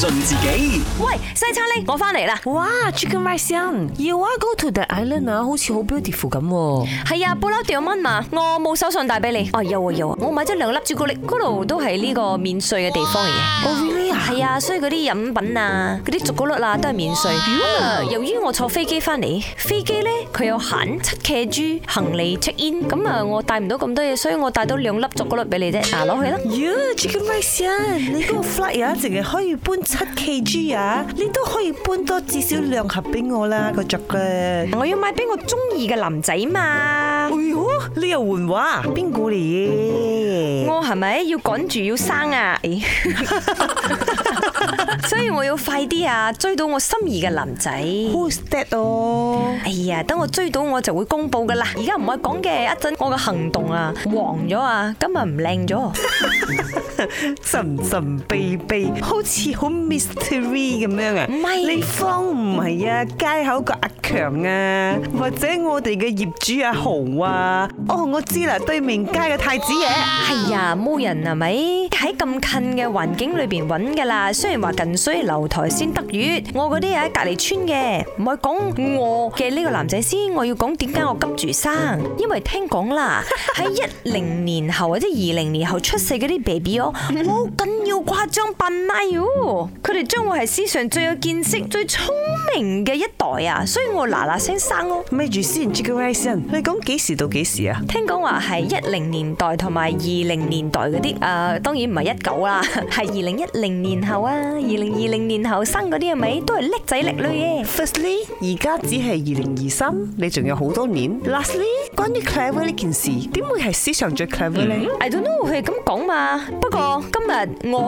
喂，西餐呢？我翻嚟啦。哇，Chicken Rice N。蠟蠟 you are go to the Island 啊，好似好 beautiful 咁。係 啊，布拉德曼啊，我冇手信帶俾你。哦、啊，有啊有啊，我買咗兩粒朱古力，嗰度都係呢個免稅嘅地方嚟嘅。係哇、oh, really? 啊，所以嗰啲飲品啊，嗰啲朱古力啊，都係免稅。由於我坐飛機翻嚟，飛機咧佢有限七 KG 行李 check in，咁啊我帶唔到咁多嘢，所以我帶到兩粒朱古力俾你啫。嗱、啊，攞去啦。Yo，Chicken Rice N，你嗰個 flat 啊，淨係可以搬。七 K G 啊！你都可以搬多至少兩盒俾我啦，個着我要買俾我中意嘅男仔嘛哎。哎你又換話？邊個嚟？我係咪要趕住要生啊？ 所以我要快啲啊，追到我心儀嘅男仔。Who's that？哦。哎呀，等我追到我就會公布噶啦。而家唔係講嘅，一陣我嘅行動啊黃咗啊，今日唔靚咗。神神秘秘，好似好 mystery 咁樣啊！唔係是，你方唔係啊？街口個阿強啊，或者我哋嘅業主阿豪啊？哦，oh，我知啦，對面街嘅太子爺係哇呀，冇人係咪？喺咁近嘅環境裏邊揾噶啦。雖然話近水樓台先得月，我嗰啲喺隔離村嘅，唔係講我嘅呢個男仔先，我要講點解我急住生？因為聽講啦，喺一零年後 或者二零年後出世嗰啲 baby 哦。我跟。誇張笨，佢哋將會係史上最有見識、最聰明嘅一代啊，所以我嗱嗱聲生咯。咩住先你講幾時到幾時啊？聽講話係一零年代同埋二零年代嗰啲，誒，當然唔係一九啦，係二零一零年後啊，二零二零年後生嗰啲係咪都係叻仔叻女嘅？Firstly，而家只係二零二三，你仲有好多年。Lastly，關於 clever 呢件事，點會係史上最 clever 呢？I don't know，佢係咁講嘛。不過今日我。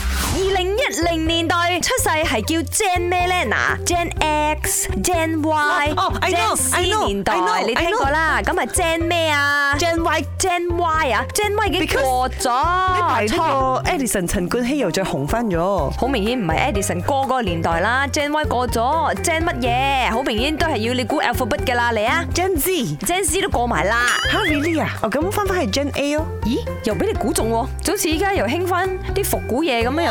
二零一零年代出世係叫 Gen 咩咧嗱？Gen X、Gen Y、Gen Z 年代你聽過啦，咁啊 Gen 咩啊？Gen Y、Gen Y 啊？Gen Y 已經過咗，呢排個 Edison 陳冠希又再紅翻咗，好明顯唔係 Edison 過嗰個年代啦，Gen Y 過咗，Gen 乜嘢？好明顯都係要你估 Alphabet 噶啦，嚟啊！Gen Z、Gen Z 都過埋啦，Harry Lee 啊，哦咁翻翻係 Gen A 哦，咦？又俾你估中喎，好似依家又興翻啲復古嘢咁樣。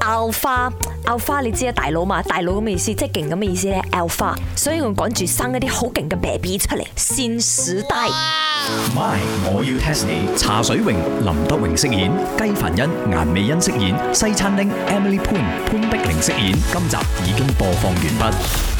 拗花拗花，Alpha, 你知啊？大佬嘛，大佬咁嘅意思，即係勁咁嘅意思咧。拗花，所以我趕住生一啲好勁嘅 baby 出嚟，新時代。My，我要 test 你。茶水榮、林德榮飾演，雞凡恩、顏美恩飾演，西餐廳 Emily Poon，潘碧玲飾演。今集已經播放完畢。